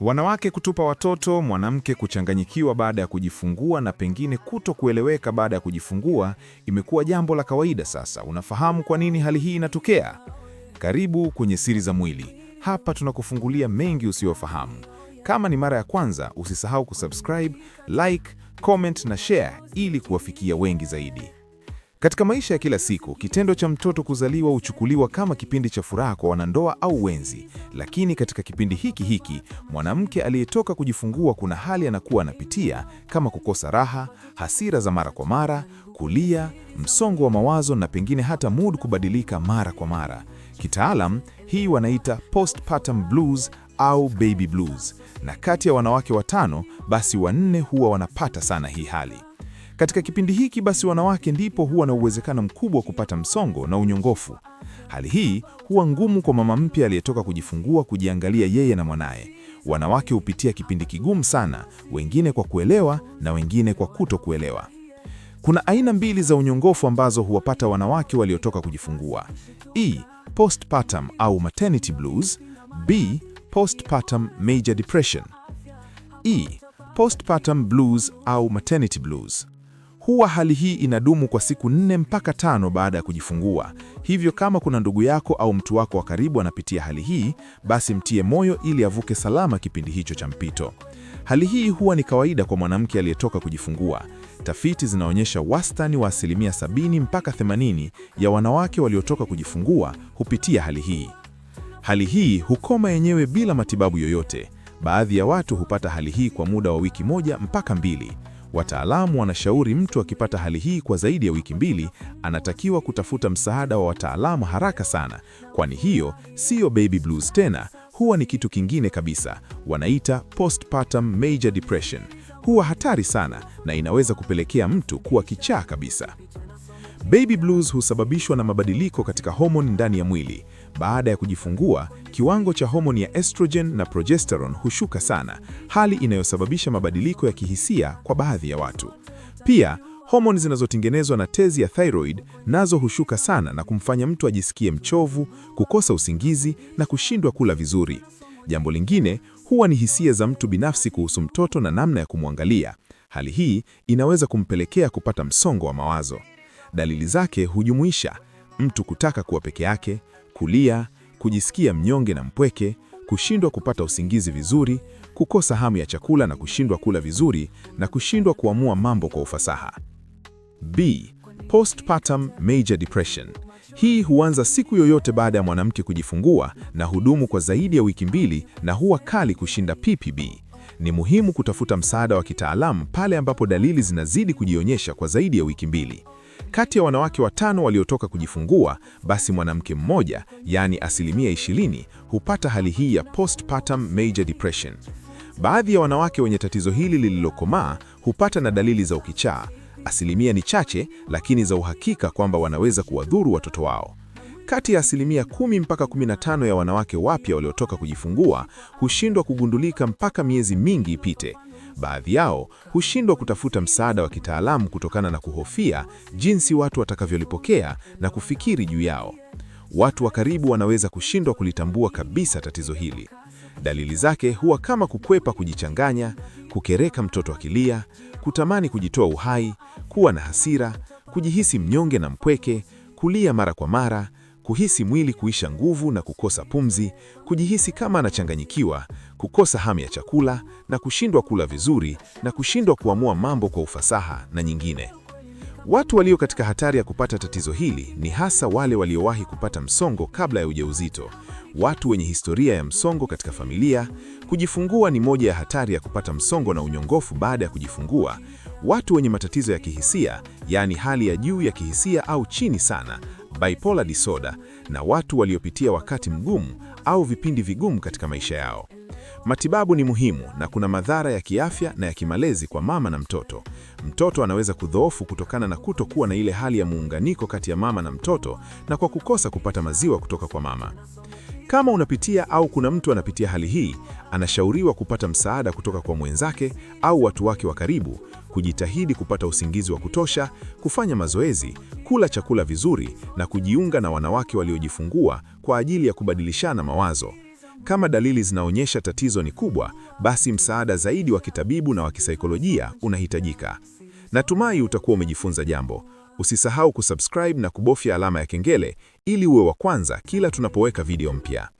Wanawake kutupa watoto, mwanamke kuchanganyikiwa baada ya kujifungua na pengine kuto kueleweka baada ya kujifungua imekuwa jambo la kawaida sasa. Unafahamu kwa nini hali hii inatokea? Karibu kwenye Siri za Mwili. Hapa tunakufungulia mengi usiyofahamu. Kama ni mara ya kwanza, usisahau kusubscribe, like, comment na share ili kuwafikia wengi zaidi. Katika maisha ya kila siku, kitendo cha mtoto kuzaliwa huchukuliwa kama kipindi cha furaha kwa wanandoa au wenzi, lakini katika kipindi hiki hiki mwanamke aliyetoka kujifungua kuna hali anakuwa anapitia kama kukosa raha, hasira za mara kwa mara, kulia, msongo wa mawazo na pengine hata mood kubadilika mara kwa mara. Kitaalam, hii wanaita postpartum blues au baby blues, na kati ya wanawake watano basi wanne huwa wanapata sana hii hali. Katika kipindi hiki basi, wanawake ndipo huwa na uwezekano mkubwa wa kupata msongo na unyongofu. Hali hii huwa ngumu kwa mama mpya aliyetoka kujifungua kujiangalia yeye na mwanaye. Wanawake hupitia kipindi kigumu sana, wengine kwa kuelewa na wengine kwa kutokuelewa. Kuna aina mbili za unyongofu ambazo huwapata wanawake waliotoka kujifungua: E, postpartum au maternity blues; B, postpartum major depression. E, postpartum blues au maternity blues Huwa hali hii inadumu kwa siku nne mpaka tano baada ya kujifungua. Hivyo kama kuna ndugu yako au mtu wako wa karibu anapitia hali hii, basi mtie moyo ili avuke salama kipindi hicho cha mpito. Hali hii huwa ni kawaida kwa mwanamke aliyetoka kujifungua. Tafiti zinaonyesha wastani wa asilimia 70 mpaka 80 ya wanawake waliotoka kujifungua hupitia hali hii. Hali hii hukoma yenyewe bila matibabu yoyote. Baadhi ya watu hupata hali hii kwa muda wa wiki moja mpaka mbili. Wataalamu wanashauri mtu akipata hali hii kwa zaidi ya wiki mbili, anatakiwa kutafuta msaada wa wataalamu haraka sana, kwani hiyo siyo baby blues tena, huwa ni kitu kingine kabisa. Wanaita postpartum major depression. Huwa hatari sana na inaweza kupelekea mtu kuwa kichaa kabisa. Baby blues husababishwa na mabadiliko katika homoni ndani ya mwili. Baada ya kujifungua, kiwango cha homoni ya estrogen na progesterone hushuka sana, hali inayosababisha mabadiliko ya kihisia kwa baadhi ya watu. Pia, homoni zinazotengenezwa na tezi ya thyroid nazo hushuka sana na kumfanya mtu ajisikie mchovu, kukosa usingizi na kushindwa kula vizuri. Jambo lingine huwa ni hisia za mtu binafsi kuhusu mtoto na namna ya kumwangalia. Hali hii inaweza kumpelekea kupata msongo wa mawazo. Dalili zake hujumuisha mtu kutaka kuwa peke yake, kulia, kujisikia mnyonge na mpweke, kushindwa kupata usingizi vizuri, kukosa hamu ya chakula na kushindwa kula vizuri, na kushindwa kuamua mambo kwa ufasaha. B. Postpartum Major Depression. Hii huanza siku yoyote baada ya mwanamke kujifungua na hudumu kwa zaidi ya wiki mbili na huwa kali kushinda PPB. Ni muhimu kutafuta msaada wa kitaalamu pale ambapo dalili zinazidi kujionyesha kwa zaidi ya wiki mbili. Kati ya wanawake watano waliotoka kujifungua, basi mwanamke mmoja, yaani asilimia 20, hupata hali hii ya postpartum major depression. Baadhi ya wanawake wenye tatizo hili lililokomaa hupata na dalili za ukichaa. Asilimia ni chache, lakini za uhakika kwamba wanaweza kuwadhuru watoto wao. Kati ya asilimia 10 mpaka 15 ya wanawake wapya waliotoka kujifungua hushindwa kugundulika mpaka miezi mingi ipite. Baadhi yao hushindwa kutafuta msaada wa kitaalamu kutokana na kuhofia jinsi watu watakavyolipokea na kufikiri juu yao. Watu wa karibu wanaweza kushindwa kulitambua kabisa tatizo hili. Dalili zake huwa kama kukwepa kujichanganya, kukereka mtoto akilia, kutamani kujitoa uhai, kuwa na hasira, kujihisi mnyonge na mpweke, kulia mara kwa mara, kuhisi mwili kuisha nguvu na kukosa pumzi, kujihisi kama anachanganyikiwa, kukosa hamu ya chakula na kushindwa kula vizuri na kushindwa kuamua mambo kwa ufasaha na nyingine. Watu walio katika hatari ya kupata tatizo hili ni hasa wale waliowahi kupata msongo kabla ya ujauzito. Watu wenye historia ya msongo katika familia, kujifungua ni moja ya hatari ya kupata msongo na unyongofu baada ya kujifungua. Watu wenye matatizo ya kihisia, yaani hali ya juu ya kihisia au chini sana, bipolar disorder na watu waliopitia wakati mgumu au vipindi vigumu katika maisha yao. Matibabu ni muhimu na kuna madhara ya kiafya na ya kimalezi kwa mama na mtoto. Mtoto anaweza kudhoofu kutokana na kutokuwa na ile hali ya muunganiko kati ya mama na mtoto na kwa kukosa kupata maziwa kutoka kwa mama. Kama unapitia au kuna mtu anapitia hali hii, anashauriwa kupata msaada kutoka kwa mwenzake au watu wake wa karibu, kujitahidi kupata usingizi wa kutosha, kufanya mazoezi, kula chakula vizuri na kujiunga na wanawake waliojifungua kwa ajili ya kubadilishana mawazo. Kama dalili zinaonyesha tatizo ni kubwa, basi msaada zaidi wa kitabibu na wa kisaikolojia unahitajika. Natumai utakuwa umejifunza jambo. Usisahau kusubscribe na kubofya alama ya kengele ili uwe wa kwanza kila tunapoweka video mpya.